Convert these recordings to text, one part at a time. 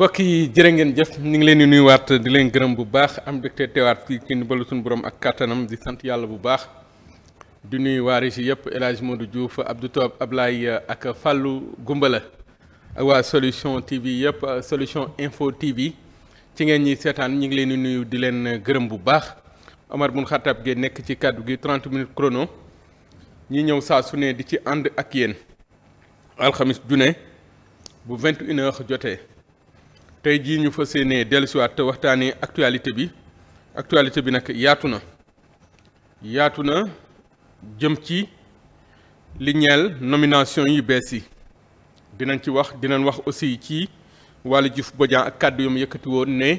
mbokk yi jërë ngeen jëf ñu ngi leen di nuyuwaat di leen gërëm bu baax am mbégte teewaat suñu borom ak kattanam di sant yàlla bu baax di nuyu waari si yëpp El Hadj Modou Diouf Abdou Toob Ablaye ak Fallou Gumbala ak waa solution TV yëpp solution info TV ci ngeen ñi seetaan ñu ngi leen di nuyu di leen gërëm bu baax Omar Bun Xattab gi nekk ci kàddu gi 30 minutes chrono ñi ñëw saa su ne di ci ànd ak yéen alxamis june bu 21 jotee. tey jii ñu fas yéenee dellusiwaat te waxtaanee actualité bi actualité bi nag yaatu na yaatu na jëm ci li nomination yi bees yi dinañ ci wax dinañ wax aussi ci wàllu Diouf Bodian ak kàddu yu mu yëkkati woon ne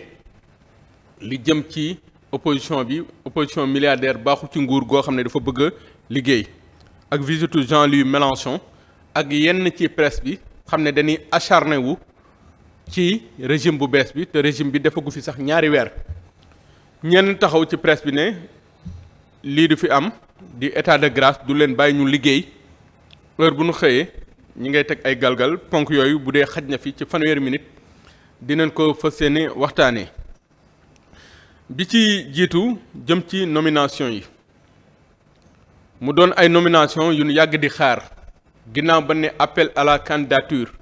li jëm ci opposition bi opposition milliardaire baaxu ci nguur goo xam ne dafa bëgg liggéey ak visitu Jean-Louis Mélenchon ak yenn ci presse bi xam ne dañuy acharné wu. ci régime bu bees bi te régime bi defagu fi sax ñaari weer ñenn taxaw ci presse bi ne lii du fi am di état de grâce du leen bàyyi ñu liggéey heure bu ñu xëyee ñi ngay teg ay galgal ponk yooyu bu dee xaj na fi ci fanweeri minute dinañ ko fa seeni waxtaanee bi ci jiitu jëm ci nomination yi mu doon ay nomination yu ñu yàgg di xaar ginnaaw ba ne appel à la candidature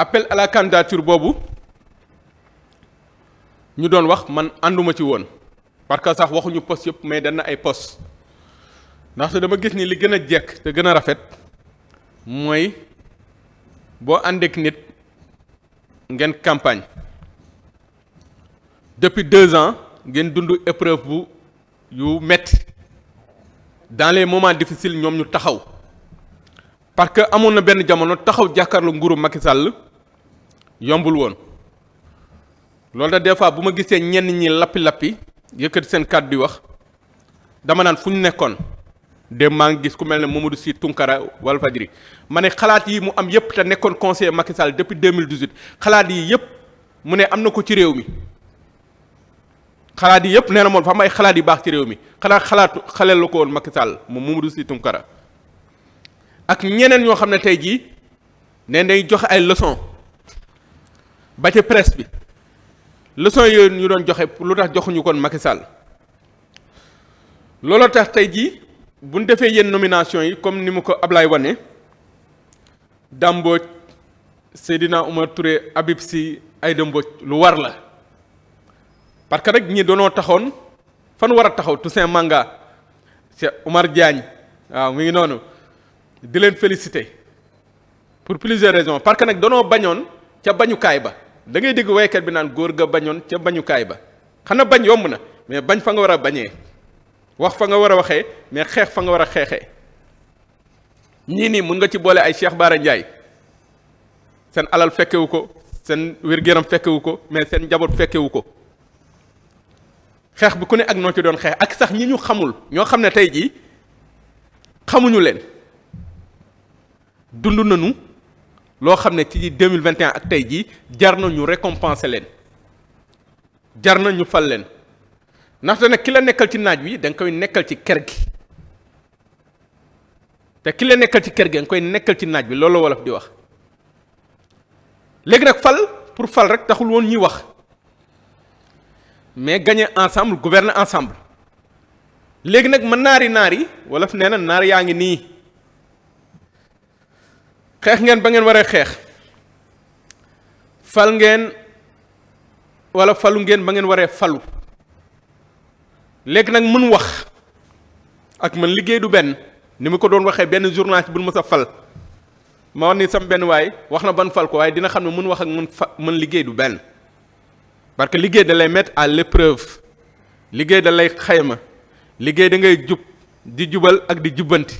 appel à la candidature boobu ñu doon wax man ànduma ci woon parce que sax waxuñu pos yëpp mais dana ay poste ndaxte dama gis ni li gën a jekk te gën a rafet mooy boo àndeek nit ngeen campagne depuis deux ans ngeen dund épreuve bu yu metti dans les moments ñoom ñu taxaw parce que amoon na benn jamono taxaw jàkkaarloo nguuru Macky Sall yombul woon loolu da des fois bu ma gisee ñenn ñi lappi-lappi yëkkati seen kàddu di wax dama naan fu ñu nekkoon démb maa ngi gis ku mel ne Mamadou Sy Tounkara Walfadjri ma ne xalaat yi mu am yépp te nekkoon conseiller Macky Sall depuis 2018 xalaat yi yépp mu ne am na ko ci réew mi xalaat yi yépp nee na moom fa am ay xalaat yu baax ci réew mi xanaa xalaatu xaleel ko woon Macky Sall moom Mamadou Sy ak ñeneen ñoo xam ne tey jii ne day joxe ay leçons ba ca presse bi leçon yooyu ñu doon joxe lu tax joxuñu kon makisal Sall looloo tax tey jii bu ñu defee yenn nomination yi comme ni mu ko Ablaye wane Damboj Seydina Oumar Touré Habib Sy ay Mbodj lu war la parce que rek ñi doonoo taxoon fan war a taxaw Toussaint Manga Cheikh Oumar Diagne waaw mu ngi noonu di leen félicité pour plusieurs raisons parce que nag doonoo bañoon ca bañukaay ba da ngay dégg waykat bi naan góor ga bañoon ca bañukaay ba xana bañ yomb na mais bañ fa nga war a bañee wax fa nga war a waxee mais xeex fa nga war a xeexee ñii nii mun nga ci boole ay Cheikh Baara Ndiaye seen alal fekkewu ko seen wér gu fekkewu ko mais seen njaboot fekkewu ko xeex bi ku ne ak noo ci doon xeex ak sax ñi ñu xamul ñoo xam ne tey jii xamuñu leen dund nañu loo xam ne ci 2021 ak tey jii jar na ñu récompenser leen jar na ñu fal leen ndaxte nag ki la nekkal ci naaj wi da nga koy nekkal ci kër gi te ki la nekkal ci kër gi da koy nekkal ci naaj bi loolu wolof di wax léegi nag fal pour fal rek taxul woon ñuy wax mais gagner ensemble gouverner ensemble léegi nag ma naari naari wolof nee na naar yaa ngi nii xeex ngeen ba ngeen waree xeex fal ngeen wala falu ngeen ba ngeen waree falu léegi nag mën wax ak man liggéey du benn ni mu ko doon waxee benn journaliste bu mu sa fal ma wax ni sam benn waay wax na ban fal ko waaye dina xam ne mën wax ak mën fa mën liggéey du benn parce que liggéey dalay lay mettre à l'épreuve liggéey da lay xayma liggéey da ngay jub di jubal ak di jubbanti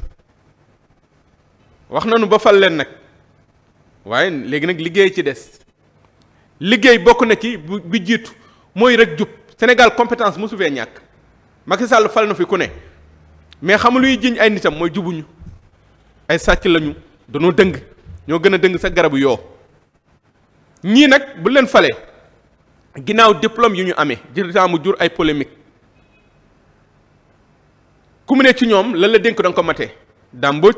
wax nañu ba fal leen nag waaye léegi nag liggéey ci des liggéey bokk na ci bu bi jiitu mooy rek jub Sénégal compétence mosu fee ñàkk Macky Sall fal na fi ku ne mais xam luy jiñ ay nitam mooy jubuñu ay sàcc lañu danoo dëng ñoo gën a dëng sa garabu yoo ñii nag bu leen falee ginnaaw diplôme yu ñu amee jërëjëf mu jur ay polémique ku mu ne ci ñoom lan la dénk da ko matee dàmboj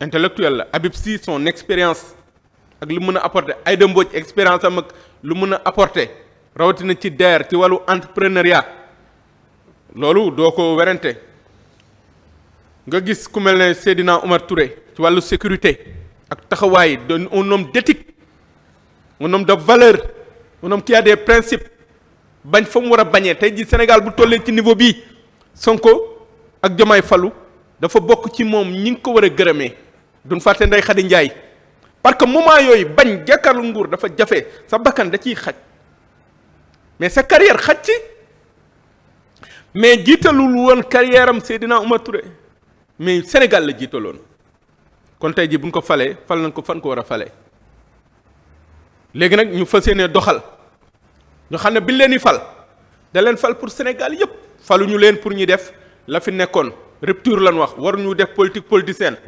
intellectuel la Habib Sy son expérience ak lu mun a apporter Aïda Mbodj expérience am ak lu mën a apporter rawatina ci DER ci wàllu entrepreneuriat loolu doo ko werante nga gis ku mel ne Seydina Omar Touré ci wàllu sécurité ak taxawaay doon un homme d'éthique un homme de valeur un homme qui a bañ fa mu war a bañee tey ji Sénégal bu tollee ci niveau bi Sonko ak Jomaay Falu dafa bokk ci moom ñi ngi ko war a gërëmee duñ fàtte Ndeye Khady Ndiaye parce que moment yooyu bañ jàkkaarlu nguur dafa jafe sa bakkan da ciy xaj mais sa carrière xaj ci mais jiitalul woon carrière am Seydina Oumar Touré mais Sénégal la jiitaloon kon tey ji buñ ko falee fal nañ ko fan ko war a falee léegi nag ñu fas yéenee doxal ñu xam ne biñ leen di fal da leen fal pour Sénégal yépp ñu leen pour ñu def la fi nekkoon rupture lan wax war ñu def politique politicienne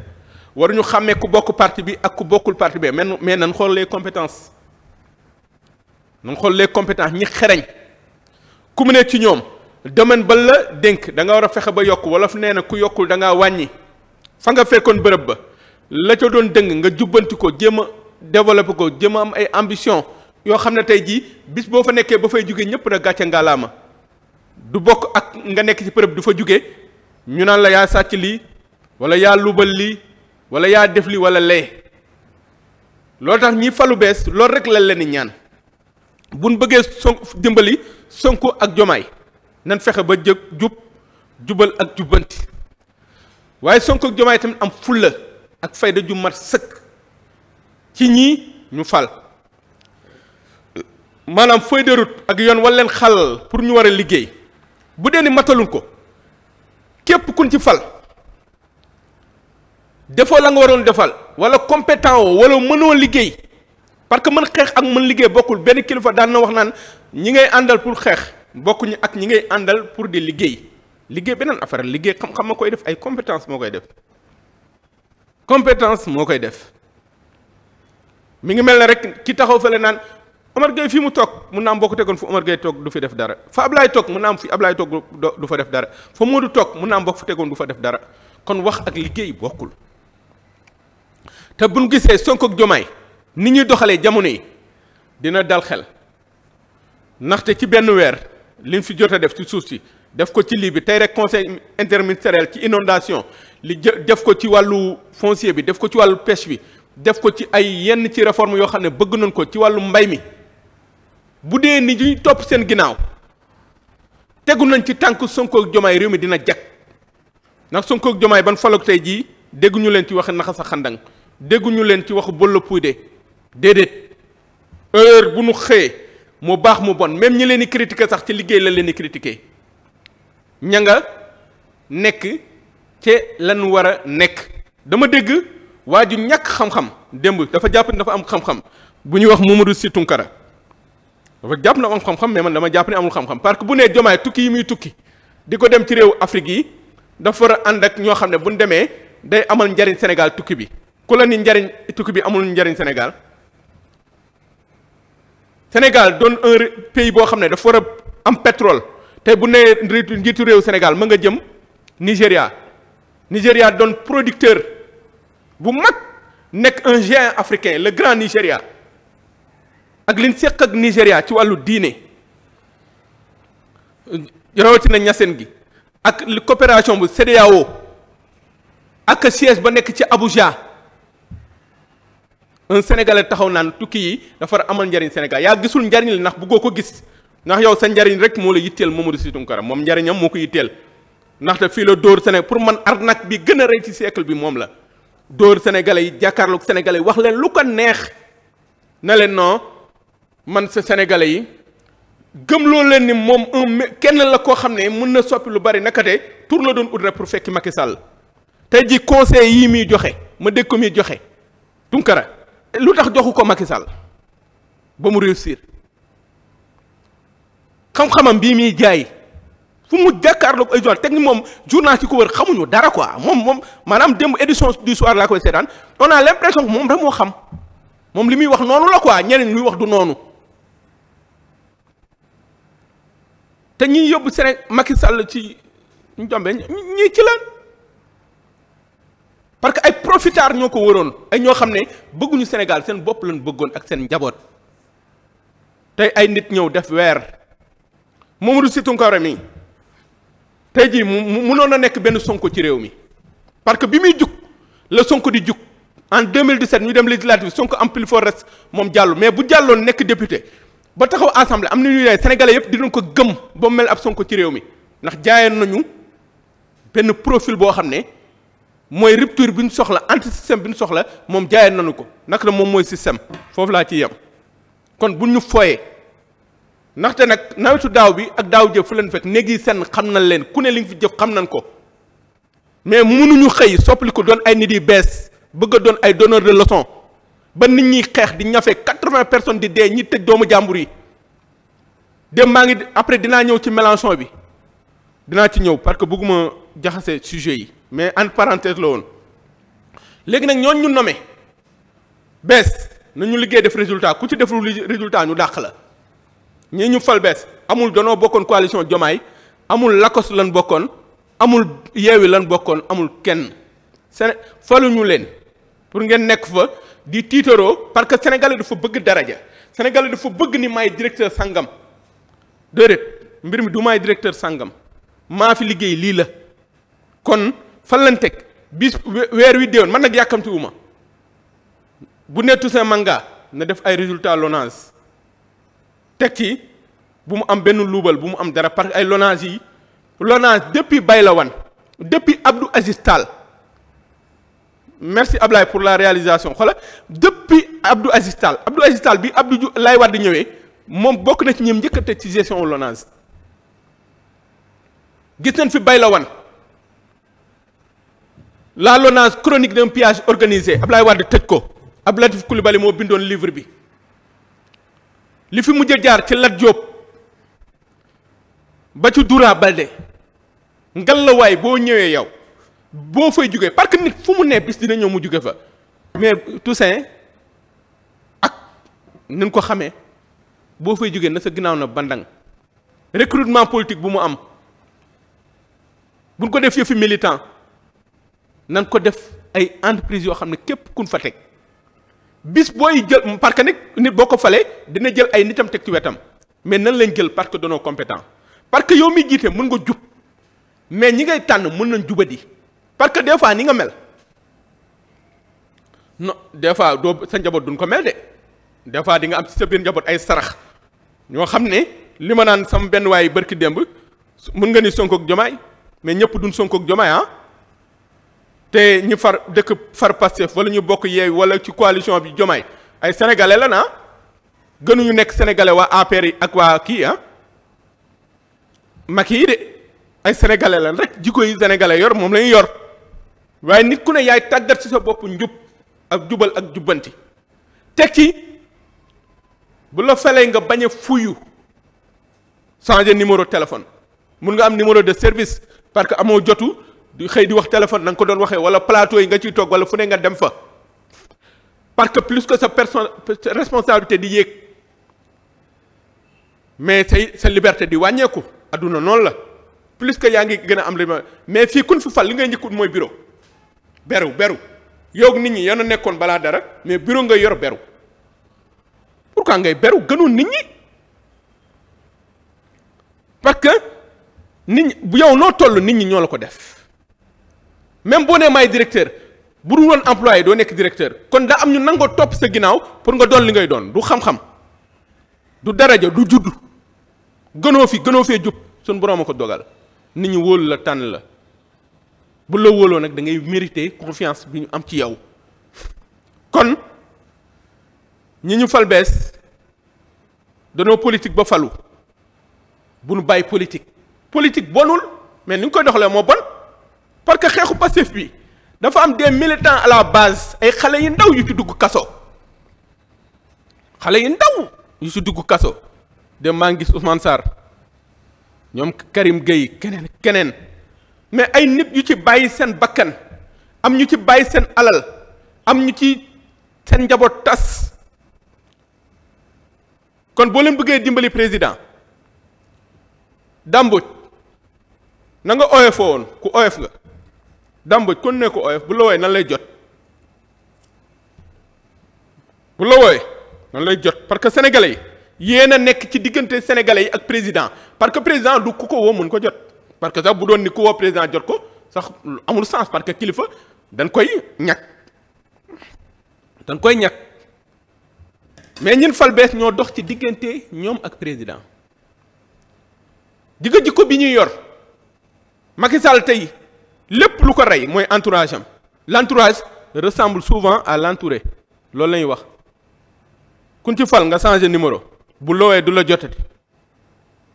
waruñu xàmmee ku bokk parti bi ak ku bokkul parti bi mais mais nan xool les compétences nan xool lee compétences ñi xereñ ku mu ne ci ñoom domaine ba la dénk da nga war a fexe ba yokk fu nee na ku yokkul da wàññi fa nga fekkoon bërëb ba la ca doon dëng nga jubbanti ko jéem a développé ko jéem a am ay ambition yoo xam ne tey jii bis boo fa nekkee ba fay jugee ñëpp na gàcce ngaalaama du bokk ak nga nekk ci bërëb du fa jugee ñu naan la yaa sàcc lii wala yaa lubal lii wala yaa def li wala lee loo tax ñi falu bees loolu rek lañ leen ñaan buñ bëggee son dimbali Sonko ak Jomaay nan fexe ba jëg jub jubal ak jubbanti waaye sonk ak Jomaay tamit am fulla ak fayda ju mat sëkk ci ñi ñu fal maanaam feuille de ak yoon wala leen xalal pour ñu war a liggéey bu dee ni mataluñ ko képp kuñ ci fal defoo la nga waroon defal wala compétent woo wala mënoo liggéey parce que mën xeex ak mën liggéey bokkul benn kilifa daan na wax naan ñi ngay àndal pour xeex bokkuñu ak ñi ngay àndal pour di liggéey liggéey beneen affaire liggéey xam-xam ma koy def ay compétence moo koy def compétence moo koy def mi ngi mel ne rek ki taxaw fële naan Omar Gueye fii mu toog mun naa am tegoon fu Omar Gueye toog du fi def dara fa Ablaye toog mun naa am fi Ablaye toog du fa def dara fa Modou toog mun naa am fa tegoon du fa def dara kon wax ak liggéey bokkul. te buñ gisee sonkook ak Jomaay ni ñuy doxalee jamono yi dina dal xel ndaxte ci benn weer liñ fi jot a def ci suuf si def ko ci lii bi tey rek conseil interministériel ci inondation li def ko ci wàllu foncier bi def ko ci wàllu pêche bi def ko ci ay yenn ci réforme yoo xam ne bëgg nañ ko ci wàllu mbay mi bu dee ni ñuy topp seen ginnaaw tegu nañ ci tànk Sonko ak Jomaay réew mi dina jag ndax Sonko ak Jomaay ban faloog tey jii dégguñu leen ci waxe naxa sa dégguñu leen ci waxu bolla puy de déedéet erreur bu nu xëyee mu baax mu bon même ñi leen di critiquer sax ci liggéey la leen di critiquer ña nga nekk ci lan war a nekk dama dégg waa ju ñàkk xam-xam démb dafa jàpp ne dafa am xam-xam bu ñuy wax Mamadou Sy Tounkara dafa jàpp ne xam-xam mais man dama jàpp ne amul xam-xam parce que bu nee jomaay tukki yi muy tukki di ko dem ci réew Afrique yi dafa war a ànd ak ñoo xam ne bu ñu demee day amal njariñ Sénégal tukki bi ku la ni njariñ tukki bi amul njariñ Sénégal Sénégal doon un pays boo xam ne dafa war a am pétrole tey bu nee njiitu réew Sénégal ma nga jëm Nigéria Nigéria doon producteur bu mag nekk un géant africain le grand Nigéria ak liñ seq ak Nigéria ci wàllu diine rawatina ñasen gi ak coopération bu CEDEAO ak siège ba nekk ci Abuja un sénégalais taxaw naan tukki yi dafa amal njariñ Sénégal yaa gisul njariñ li ndax bëggoo ko gis ndax yow sa njariñ rek moo la yitteel Mamadou si Tounkara moom njariñam moo ko yitteel ndaxte fii la dóor Sénégal pour man nag bi gën a rëy ci siècle bi moom la dóor sénégalais yi jàkkaarloog sénégalais yi wax leen lu ko neex na leen non man sa sénégalais yi gëm loo leen ni moom un kenn la koo xam ne mën na soppi lu bari naka de tur la doon ut rek pour fekki Macky Sall tey ji conseil yii muy joxe ma dégg ko muy joxe Tounkara lu tax joxu ko Macky Sall ba mu réussir xam-xamam bii muy jaay fu mu jàkkaarloog ay journal teg ni moom journal ci ko wër xamuñu dara quoi moom moom maanaam démb édition du soir laa koy seetaan on a l'impression que moom rek moo xam moom li muy wax noonu la quoi ñeneen luy wax du noonu te ñiy yóbbu Sénégal Macky Sall ci ñu ñii ci la parce que ay profiteurs ñoo ko waroon ay ñoo xam ne bëgguñu Sénégal seen bopp lañ bëggoon ak seen njaboot tey ay nit ñëw def weer Mamadou Sy Tounkara mi tey jii mu mu munoon a nekk benn Sonko ci réew mi parce que bi muy jug la Sonko di jug en 2017 ñu dem législative Sonko am plus fort reste moom jàllu mais bu jàlloon nekk député ba taxaw assemblée am na ñu ne sénégalais yëpp dinañ ko gëm ba mu mel ab Sonko ci réew mi ndax jaayoon nañu benn profil boo xam ne. mooy rupture bi ñu soxla anti système bi ñu soxla moom jaayee nañu ko naka la moom mooy système foofu laa ci yem kon bu ñu fooyee ndaxte nag nawetu daaw bi ak daaw jëf fu leen fekk néeg yi senn xam nañ leen ku ne li nga fi jëf xam nañ ko mais mënuñu xëy soppali ko doon ay nit yi bees bëgg a doon ay donneur de leçon ba nit ñi xeex di ñafe quatre vingt personnes di dee ñi tëj doomu jàmbur yi dem maa ngi après dinaa ñëw ci Mélenchon bi dinaa ci ñëw parce que bëgguma jaxase sujet yi mais en parenthèse la woon léegi nag ñooñu ñu nommé bees na ñu liggéey def résultat ku ci deful résultat ñu dàq la ñii ñu fal bees amul danoo bokkoon coalition Jomaay amul lakos lan bokkoon amul yeewi lan bokkoon amul kenn Séné faluñu leen pour ngeen nekk fa di tiitaroo parce que sénégalais dafa bëgg daraja sénégalais dafa bëgg ni may directeur sangam déedéet mbir mi du may directeur sangam maa fi liggéey lii la kon fan lañ teg bis weer wi déwén man nag yàkkamti wu ma bu ne Toussaint Manga na def ay résultats Lonase teg ci bu mu am benn luubal bu mu am dara parce que ay Lonase yi Lonase depuis la wan depuis Abdou Aziz Tall merci Ablaye pour la réalisation xoola depuis Abdou Aziz Tall Abdou Aziz Tall bi Abdou Laye Wade ñëwee moom bokk na ci ñoom njëkk a teg ci gestion Lonase gis nañ fi la Wane la Lonase chronique d'un piage organisé Ablaye Wade tëj ko Abdou Latif Coulibaly moo bindoon livre bi li fi mujj jaar ci Lat Diop ba ci Doura Baldé ngallaawaay boo ñëwee yow boo fay jógee parce nit fu mu ne bis dina ñëw mu juge fa. mais Toussaint ak ni ko xamee boo fay jugee na sa ginnaaw na bandang recrutement politique bu mu am buñ ko def yëfi militant. nan ko def ay entreprise yoo xam ne képp kun fa teg bis booy jël parce que nag nit boo ko falee dina jël ay nitam teg ci wetam mais nan lañ jël parce que danoo compétent parce que yow mi jiite mun nga jub mais ñi ngay tànn mun nañ jubadi parce que des fois ni nga mel no des fois doo sa njaboot duñ ko mel de des fois di nga am ci sa biir njaboot ay sarax ñoo xam ne li ma naan sama benn waay bërki démb mun nga ni Sonko ak Jomaay mais ñëpp duñ Sonko ak Jomaay te ñu far dëkk far Pastef wala ñu bokk yeew wala ci coalition bi Diomaye ay sénégalais la na ah. gënuñu nekk sénégalais waa APR yi ak waa kii ah Macky yi de ay sénégalais lan rek jikko yi sénégalais yor moom la yor waaye nit ku ne yaay tàggat ci sa bopp njub ak jubal ak jubbanti teg ci bu la felee nga bañ a fuyu changer numéro téléphone mun nga am numéro de service parce que amoo jotu du xëy di wax téléphone nanga ko doon waxee wala plateau yi nga ciy toog wala fu ne nga dem fa parce que plus que sa personne responsabilité di yéeg mais say sa liberté di wàññeeku adduna noonu la plus que yaa ngi gën a am li mais fii kun fu fal li ngay njëkkut mooy bureau beru beru yow nit ñi yana nekkoon balaa dara mais bureau ngay yor beru pourquoi ngay beru gënoon nit ñi parce que nit ñi yow noo toll nit ñi ñoo la ko def même boo ne may directeur bu dul woon employé doo nekk directeur kon daa am ñu nangoo topp sa ginnaaw pour nga doon li ngay doon du xam-xam du daraja du judd gënoo fi gënoo fee jub suñ borom a ko dogal nit ñu wóolu la tànn la bu la wóoloo nag da ngay mérité confiance bi ñu am ci yow kon ñi ñu fal bees danoo politique ba falu bu nu bàyyi politique politique bonul mais nu nga koy doxalee moo bon parce que xeexu Pastef bi dafa am des militants à la base ay xale yu ndaw yu ci dugg kaso xale yu ndaw yu ci dugg kaso de maa ngi gis Ousmane Sarr ñoom Karim Gueye keneen keneen mais ay nit yu ci bàyyi seen bakkan am ñu ci bàyyi seen alal am ñu ci seen njaboot tas kon boo leen bëggee dimbali président Dame Mbodj na nga oyof woon ku oyof nga dàmboj kon ne ko oyof bu la wooyee nan lay jot bu la lay jot parce que sénégalais yi yéen a nekk ci diggante sénégalais yi ak président parce que président du ku ko woo muñ ko jot parce que sax bu doon ni ku woo président jot ko sax amul sens parce que kilifa dañ koy ñàkk dañ koy ñàkk mais ñun fal bees ñoo dox ci diggante ñoom ak président digga ko bi ñuy yor Macky Sall tey lépp lu ko rey mooy entourage am l'entourage ressemble souvent à l'entouré loolu la ñuy wax kun ci fal nga changer numéro bu lowee du la jotati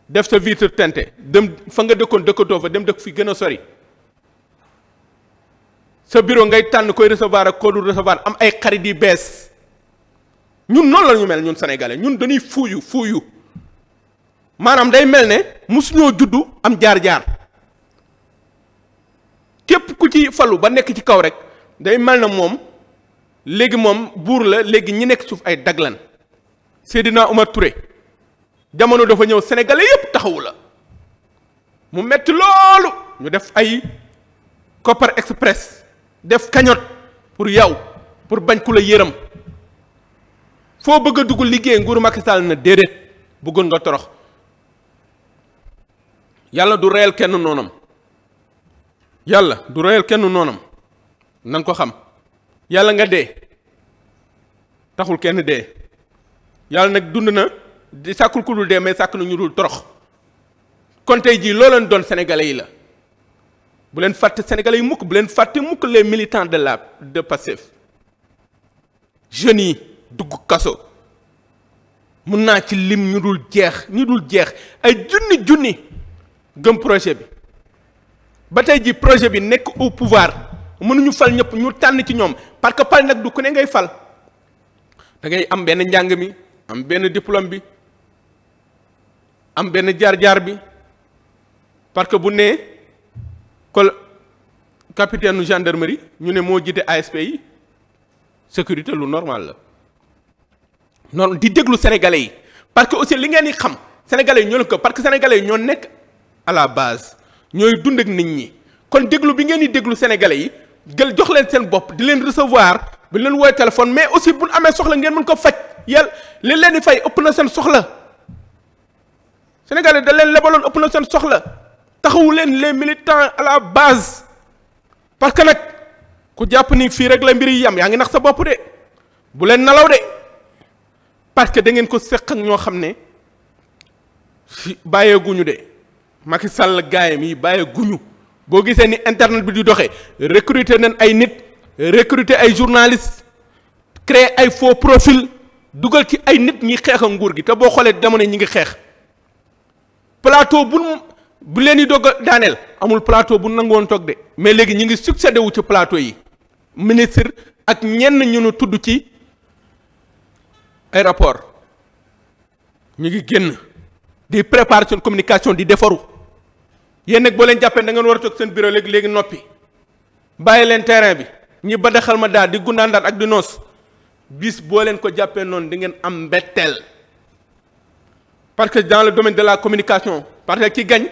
def sa vitre teintée dem fa nga dëkkoon dëkkatoo fa dem dëkk fi gën a sori sa bureau ngay tànn koy recevoir ak koo dul recevoir am ay xarit yi bees ñun noonu la ñu mel ñun sénégalais ñun dañuy fuuyu fuuyu maanaam day mel ne mosuñoo juddu am jaar-jaar képp ku ci falu ba nekk ci kaw rek day mel na moom léegi moom buur la léegi ñi nekk suuf ay daglan Seydina Omar Touré jamono dafa ñëw sénégalais yépp taxawu la mu metti loolu ñu def ay Copper Express def cagnotte pour yow pour bañ ku la yërëm foo bëgg a dugg liggéey nguuru Macky Sall na déedéet bëggoon nga torox yàlla du reyal kenn noonam yàlla du reyal kenn noonam nan ko xam yàlla nga dee taxul kenn dee yàlla nag dund na di sàkkul ku dul dee mais sàkk na ñu dul torox kon tey jii loo leen doon sénégalais yi la bu leen fàtte sénégalais yi mukk bu leen fàtte mukk les militants de la de Pastef jeunes yi dugg kaso mun naa ci lim ñu dul jeex ñu dul jeex ay junni junni gëm projet bi ba tey jii projet bi nekk au pouvoir mënuñu fal ñëpp ñu tànn ci ñoom parce que pal nag du ku ne ngay fal da ngay am benn njàng mi am benn diplôme bi am benn jaar-jaar bi parce que bu nee col capitaine nu gendarmerie ñu ne moo jiite ASP yi sécurité lu normal la noonu di déglu sénégalais yi parce que aussi li ngeen di xam sénégalais yi ñu leen ko parce que sénégalais yi ñoo nekk à la base ñooy dund ak nit ñi kon déglu bi ngeen di déglu sénégalais yi gël jox leen seen bopp di leen recevoir bu leen woowee téléphone mais aussi bu ñu amee soxla ngeen mën ko faj yàlla li leen di fay ëpp na seen soxla sénégalais da leen lebaloon ëpp na seen soxla taxawu leen les militants à la base parce que nag ku jàpp ni fii rek la mbir yi yam yaa ngi nax sa bopp de bu leen nelaw de parce que da ngeen ko séq ak ñoo xam ne bàyyeeguñu de. Macky Sall gaayam yi bàyyi guñu boo gisee ni internet bi di doxee recruter nañ ay nit recruité ay journalistes créer ay faux profil dugal ci ay nit ñi xeex nguur gi te boo xoolee jamono ñi ngi xeex plateau bu bu leen di dogg daaneel amul plateau bu nangoon toog de mais léegi ñi ngi succédé wu ci plateau yi ministre ak ñenn ñu nu tudd ci ay rapport ñu ngi génn. di préparer seen communication di defaru yéen nag boo leen jàppee da ngeen war a seen bureau léegi noppi bàyyi leen terrain bi ñi ba daxal ma daal di gundaandaat ak di noos bis boo leen ko jàppee noonu di ngeen am mbetteel parce que dans le domaine de la communication parce que ki gañ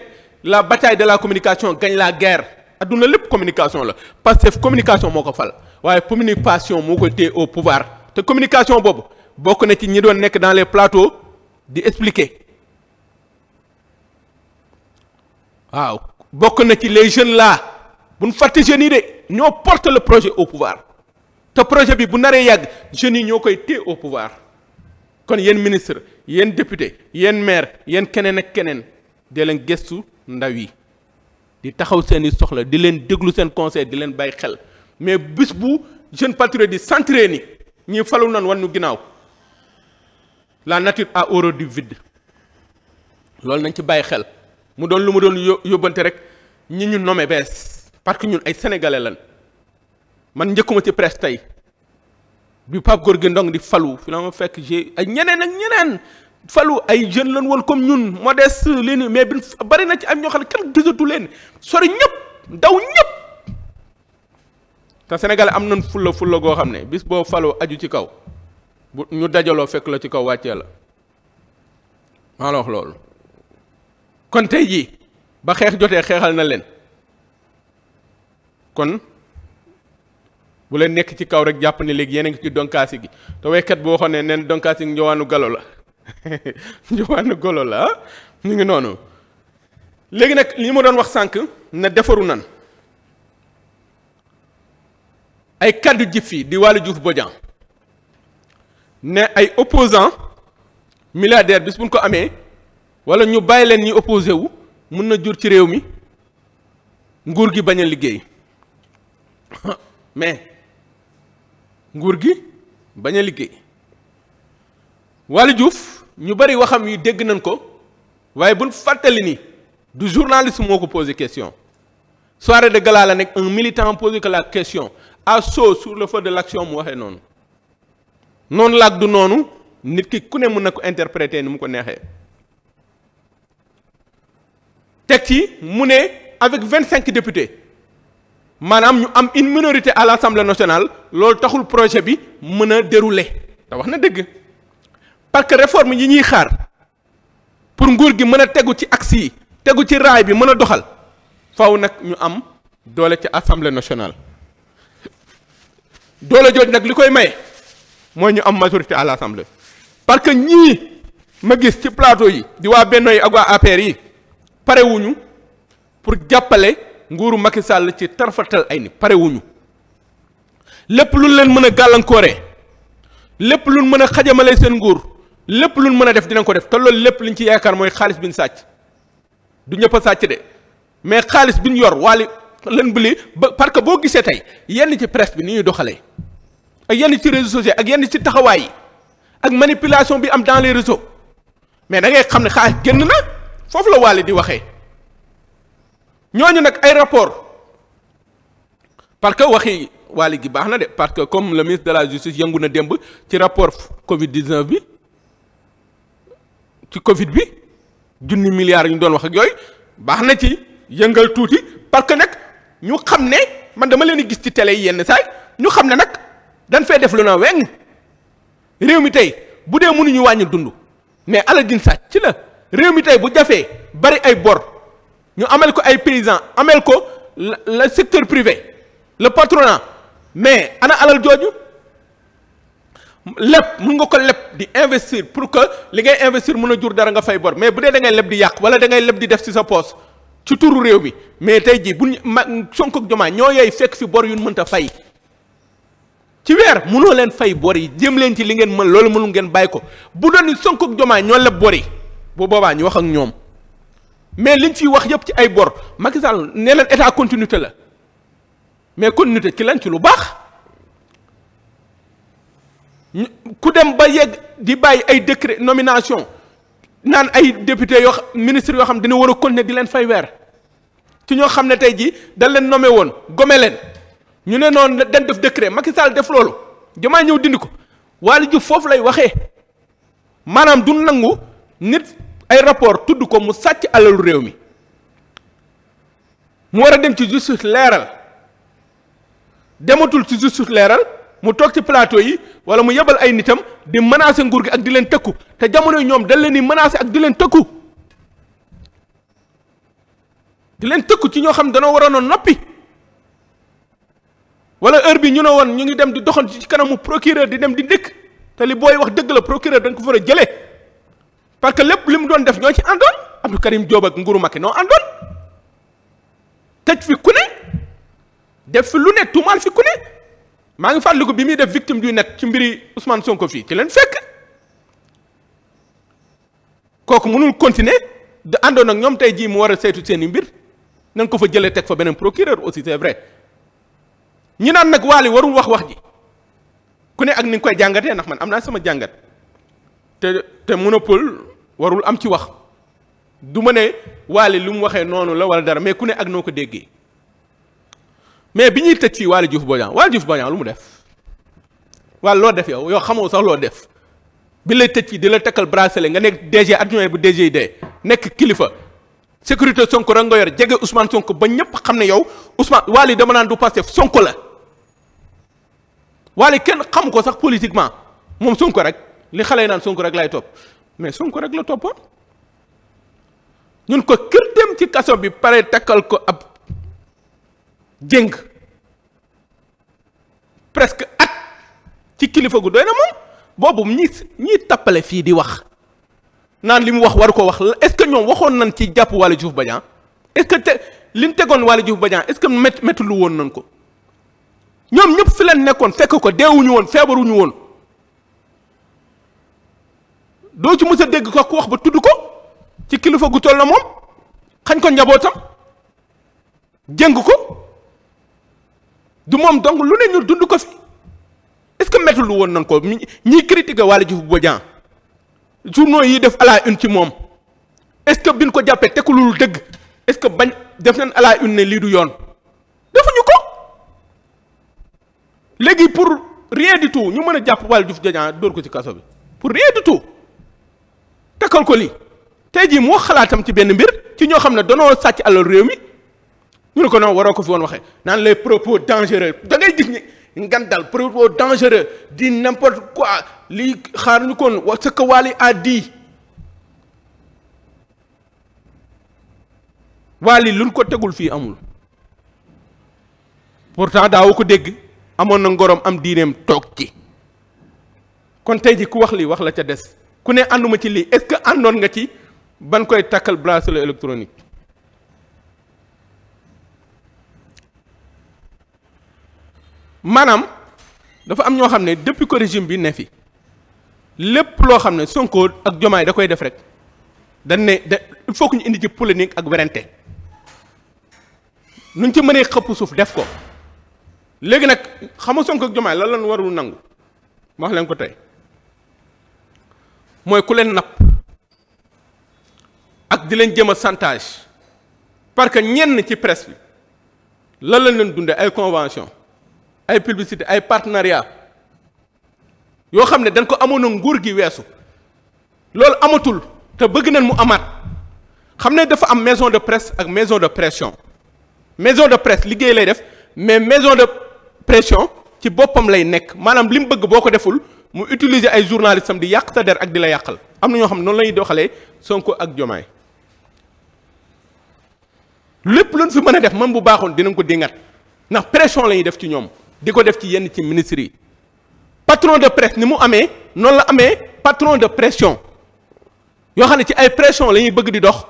la bataille de la communication gañ la guerre adduna lépp communication la parce que communication moo ko fal waaye communication moo ko téye au pouvoir te communication boobu bokk na ci ñi doon nekk dans les plateaux di expliquer waaw bokk na ci les jeunes la bu ñu fàtte jeunes yi de ñoo porte le projet au pouvoir te projet bi bu naree yàgg jeunes yi ñoo koy téye au pouvoir kon yéen ministre yéen député yéen maire yéen keneen ak keneen dee leen gëstu ndaw yi di taxaw seen i soxla di leen déglu seen conseil di leen bàyyi xel mais bis bu jeune patriote di centré ni ñi falu nan wan ñu ginnaaw la nature à horreur du vide loolu nañ ci bàyyi xel. mu doon lu mu doon yóbbante rek ñi ñu nommé bees parce que ñun ay sénégalais lan man njëkkuma ci presse tey bi Pape Gorgui Ndong di falu fi la ma fekk j ay ñeneen ak ñeneen falu ay jeunes lan woon comme ñun modeste lii nii mais bi bari na ci am ñoo xam ne kenn gisatu leen sori ñëpp daw ñëpp te sénégalais am nañ fulla fulla goo xam ne bis boo faloo aju ci kaw bu ñu dajaloo fekk la ci kaw wàccee la maa la loolu kon tey jii ba xeex jotee xeexal na leen kon bu leen nekk ci kaw rek jàpp ne léegi yéen a ngi ci donkaasi gi te waykat boo waxoon ne nen donkaasi gi njowaanu galo la njowaanu golo la ah, mu ngi noonu léegi nag li ma doon wax sànq na defaru nan ay kàddu jib fii di Waly Diouf Bodian ne ay opposant milliardaire bis buñ ko amee wala ñu bàyyi leen ñu opposé wu mun na jur ci réew mi nguur gi bañ a liggéey mais nguur gi bañ a liggéey walla Diouf ñu bari waxam yu dégg nañ ko waaye bun fàttali ni du journaliste moo ko posé question soirée de gala la nekk un militant posé la question à chaud sur le feu de l'action mu waxee noonu noonu laag du noonu nit ki ku ne mën na ko interpréter ni mu ko neexee teg ci mu ne avec vingt cinq députés maanaam ñu am une minorité à l'Assemblée nationale loolu taxul projet bi mën a dérouler te wax na dëgg parce que réforme yi ñuy xaar pour nguur gi mën a tegu ci axe yi tegu ci raay bi mën a doxal faw nag ñu am doole ci assemblée nationale doole jooj nag li koy maye mooy ñu am majorité à l'assemblée parce que ñii ma gis ci plateau yi di waa Benno ak waa APR yi parewuñu pour jàppale nguuru Macky Sall ci tarfatal ay ni parewuñu lépp luñ leen mën a gàllankooree lépp luñ mën a xajamalee seen nguur lépp lu luñ mën a def dina ko def te loolu lépp liñ ci yaakaar mooy xaalis bi ñu sàcc du ñëpp sàcc de mais xaalis bi ñu yor waali leen bëli ba parce que boo gisee tey yenn ci presse bi ni ñuy doxalee ak yenn ci réseaux sociaux ak yenn ci taxawaay yi ak manipulation bi am dans les réseaux mais da xam ne xaalis génn foofu la Wally di waxee ñooñu nag ay rapport parce que waxi Wally gi baax na de parce que comme le ministre de la justice yëngu na démb ci rapport Covid 19 bi ci Covid bi junni milliards yu ñu doon wax ak yooyu baax na ci yëngal tuuti parce que nag ñu xam ne man dama leen di gis ci télé yi yenn saay ñu xam ne nag dañ fay def lu na weng réew mi tey bu dee mënuñu wàññi dund mais ala gin sàcc ci la. réew mi tey bu jafee bari ay bor ñu amel ko ay paysan amel ko le secteur privé le patronat mais ana alal jooju lépp mun nga ko leb di investir pour que li ngay investir mën a jur dara nga fay bor mais bu dee da ngay leb di yàq wala da ngay leb di def ci sa poos ci turu réew mi mais tey jii bu ma Sonko ak Jomaay ñoo yey fekk fi bor yu mënta fay ci weer mënoo leen fay bor yi jëm leen ci li ngeen mën loolu mënu ngeen bàyyi ko bu doon ni Sonko ak Jomaay bor yi boo boobaa ñu wax ak ñoom mais liñ fiy wax yëpp ci ay bor Macky Sall ne leen état continuité la mais continuité ci lan ci lu baax ku dem ba yegg di bàyyi ay décret nomination naan ay député yoo xam ministre yoo xam dina war a continuer di leen fay weer ci ñoo xam ne tey jii dañ leen nommé woon gome leen ñu ne noonu dañ def décret Macky Sall def loolu jamaa ñëw dindi ko Waly Diouf foofu lay waxee maanaam du nangu nit ay rapport tudd ko mu sàcc alalu réew mi mu war a dem ci justice leeral dematul ci justice leeral mu toog ci plateau yi wala mu yebal ay nitam di menacer nguur gi ak di leen tëkku te jamono ñoom dañ leen di menacer ak di leen tëkku di leen tëkku ci ñoo xam ne danoo waroon a noppi wala heure bi ñu ne woon ñu ngi dem di doxantu ci kanamu procureur di dem di dëkk te li booy wax dëgg la procureur dañ ko fa war a jëlee. parce que lépp li mu doon def ñoo ci àndoon am Karim Diop ak Nguuru Macky noo fi ku ne def fi lu ne tuumaal ku ne maa ngi fàttaliku bi muy def victime du net ci mbiri Ousmane Sonko fii ci leen fekk kooku mënul continuer da àndoon ak ñoom tey jii mu war a saytu seen i mbir na ko fa jëlee teg fa beneen procureur aussi c'est vrai naan nag waali warul wax wax ji ku ne ak ni jàngatee ndax man am naa sama jàngat te te monopole warul am ci wax du ma ne waale lu mu waxee noonu la wala dara mais ku ne ak noo ko déggee mais bi ñuy tëj ci Waly Diouf Bodiang Waly Diouf Bodiang lu mu def waal loo def yow yow xamoo sax loo def bi lay tëj fii di la takkal bracelet nga nekk DG adjoint bu DG de nekk kilifa sécurité Sonko rek nga yor jege Ousmane Sonko ba ñëpp xam ne yow Ousmane Waly dama naan du Pastef Sonko la Waly kenn xamu ko sax politiquement moom Sonko rek li xale naan Sonko rek lay topp mais ko rek la toppoon ñun ko kër dem ci kaso bi pare takkal ko ab jéng presque at ci kilifa gu doy na moom boobu ñi ñi tappale fii di wax naan li mu wax war ko wax est-ce que ñoom waxoon nañ ci jàpp Waly Diouf Bodiang est te li mu tegoon Waly Diouf bañaa est-ce que mét lu woon nañ ko ñoom ñëpp fi leen nekkoon fekk ko deewuñu woon feebaruñu woon. doo ci mës a dégg ko ku wax ba tudd ko ci kilifa gu toll na moom xañ ko njabootam jëng ko du moom donc lu ne ñu dund ko fi est-ce que métti lu woon nañ ko ñiy critiquer Waly Diouf Bodiang journaux yi def à la une ci moom est-ce que biñ ko jàppe tekku dëgg est-ce que bañ def nañ à la une ne lii du yoon defuñu ko léegi pour rien du tout ñu mën a jàpp Waly Diouf Bodiang dóor ko ci kaso bi pour rien takkal ko li tey jii mu wax xalaatam ci benn mbir ci ñoo xam ne danoo sàcc alal réew mi ñu ne ko non waroo ko fi woon waxee naan les propos dangereux da ngay gis ni dal propos dangereux di n'importe quoi lii xaar ñu koon wa ce que Wally a dit Wally luñ ko tegul fii amul pourtant daawu ko dégg amoon na ngoroom am diineem toog ci kon tey ji ku wax lii wax la ca des ku ne ànduma ci lii est-ce que àndoon nga ci ban koy takkal bracelet électronique maanaam dafa am ñoo xam ne depuis que régime bi ne fi lépp loo xam ne Sonko ak Jomaay da koy def rek dañ ne da il faut ñu indi ci polinique ak werante nuñ ci mënee xëpp suuf def ko léegi nag xam nga Sonko ak Jomaay la lañ warul nangu ma wax leen ko tey. mooy ku leen napp ak di leen jëm a chantage parce que ñenn ci presse bi lan lañ leen dundee ay convention ay publicité ay partenariat yoo xam ne dañ ko amoon a nguur gi weesu loolu amatul te bëgg nañ mu amaat xam ne dafa am maison de presse ak maison de pression maison de presse liggéey lay def mais maison de pression ci boppam lay nekk maanaam li mu bëgg boo ko deful mu utiliser ay journalistes am di yàq sa der ak di la yàqal am na ñoo xam noonu la ñuy doxalee Sonko ak Jomaay lépp luñ fi mën a def même bu baaxoon dinañ ko dingat ndax pression la ñuy def ci ñoom di ko def ci yenn ci ministres yi patron de presse ni mu amee noonu la amee patron de pression yoo xam ne ci ay pression la ñuy bëgg di dox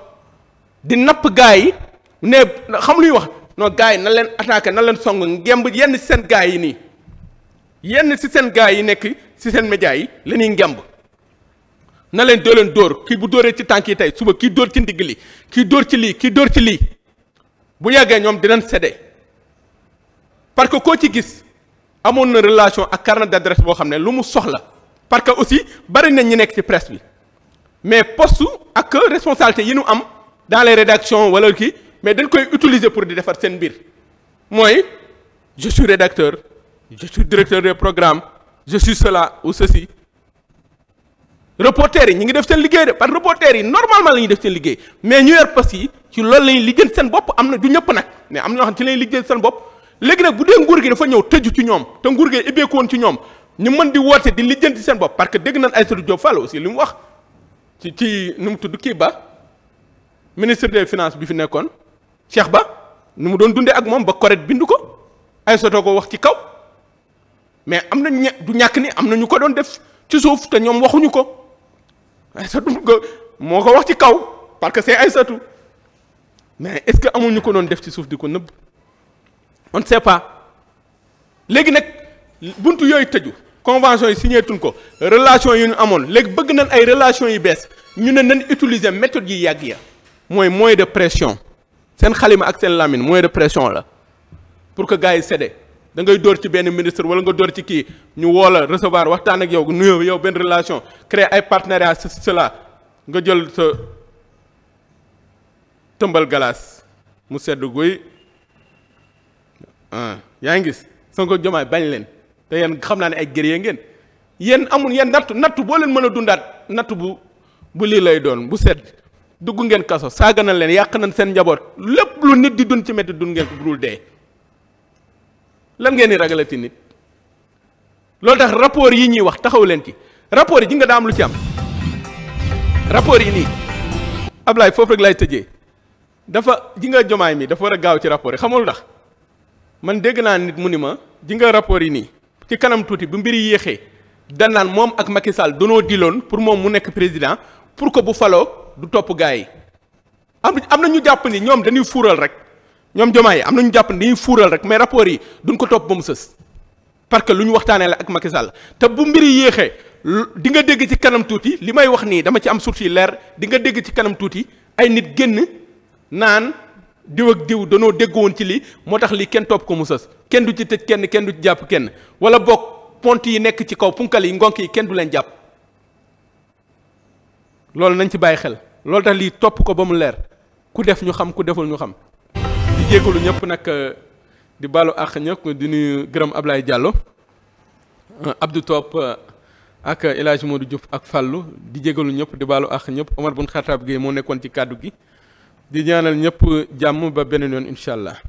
di napp gars yi ne xam luy wax noo gars yi na leen attaqué na leen song ngemb yenn ci seen gars yi nii yenn ci seen gars yi nekk si seen média yi la ñuy ngemb na leen doo leen dóor kii bu dóoree ci tànk yi tey suba kii dóor ci ndigg li kii dóor ci lii kii dóor ci lii bu yàggee ñoom dinañ séddee parce que koo ci gis amoon na relation ak carnet d'adresse boo xam ne lu mu soxla parce que aussi bari nañ ñi nekk ci presse bi mais post ak responsabilité yi nu am dans les rédaction wala kii mais dañ koy utiliser pour di defar seen biir mooy je suis rédacteur je directeur des programmes je suis cela ou ceci reporter yi ñu ngi def seen liggéey de parce que reporter yi normalement la ñuy def seen liggéey mais ñu yor poste yi ci loolu la ñuy seen bopp am na du ñëpp nag mais am na ñoo xam ci la ñuy seen bopp léegi nag bu dee nguur gi dafa ñëw tëju ci ñoom te nguur gi ubbeeku ci ñoom ñu mën di woote di lijjanti seen bopp parce que dégg nañ Aïssatou Diop Fall aussi li mu wax ci ci nu mu tudd kii ba ministre des finance bi fi nekkoon Cheikh Ba nu mu doon dundee ak moom ba correct bindu ko Aïssatou ko wax ci kaw. mais am na ña du ñàkk ni am na ñu ko doon def ci suuf te ñoom waxuñu ko Aysatu moo ko wax ci kaw parce que c'est Aysatu mais est-ce que amuñu ko doon def ci suuf di ko nëbb on ne pas léegi nag buntu yooyu tëju convention yi signé tuñ ko relation yi ñu amoon léegi bëgg nañ ay relation yu bees ñu ne nañ utiliser méthode yi yàgg ya mooy moyen de pression seen xalima ak seen lamine moyen de pression la pour que gars yi cédé da ngay dóor ci benn ministre wala nga dóor ci kii ñu woo la recevoir waxtaan ak yow nuyoo yow benn relation créer ay partenariat cela nga jël sa tëmbal galaas mu sedd guy ah yaa ngi gis Sonko Diomaye bañ leen te yéen xam naa ne ay guerrier ngeen yéen amul yéen natt nattu boo leen mën a dundaat nattu bu bu lii lay doon bu sedd dugg ngeen kaso saaga nañ leen yàq nañ seen njaboot lépp lu nit di dun ci métti dun ngeen ko bu dul dee. lan ngeen di ragalati nit loolu tax rapport yi ñuy wax taxaw leen ci rapport yi ji nga daam lu ci am rapport yi nii laay foofu rek laay tëjee dafa ji nga jomaay mi dafa war a gaaw ci rapport yi xamul ndax man dégg naa nit mu ni ma ji nga rapport yi nii ci kanam tuuti bu mbir yéexee danaan moom ak Macky Sall danoo diloon pour moom mu nekk président pour que bu faloo du topp gars yi am am na ñu jàpp ni ñoom dañuy fuural rek ñoom yi am nañu jàpp ne dañuy fuural rek mais rapport yi duñ ko topp ba mu sës parce que lu ñu waxtaanee la ak Macky Sall te bu mbir yéexee di nga dégg ci kanam tuuti li may wax nii dama ci am source yu leer di nga dégg ci kanam tuuti ay nit génn naan diw ak diw danoo dégg woon ci lii moo tax lii kenn topp ko mu sës kenn du ci tëj kenn kenn du ci jàpp kenn wala boog pont yi nekk ci kaw punkal yi ngonk yi kenn du leen jàpp loolu nañ ci bàyyi xel loolu tax lii topp ko ba mu leer ku def ñu xam ku deful ñu xam. jégalu ñëpp nag euh, di baalu àq ñëpp di nuyu gërëm Ablaye ab euh, Abdou topp euh, ak El moo du Diouf ak Fallou di jégalu ñëpp di baalu àq ñëpp Omar bun Xataab Gueye moo nekkoon ci kàddu gi di ñaanal ñëpp jàmm ba beneen yoon incha allah.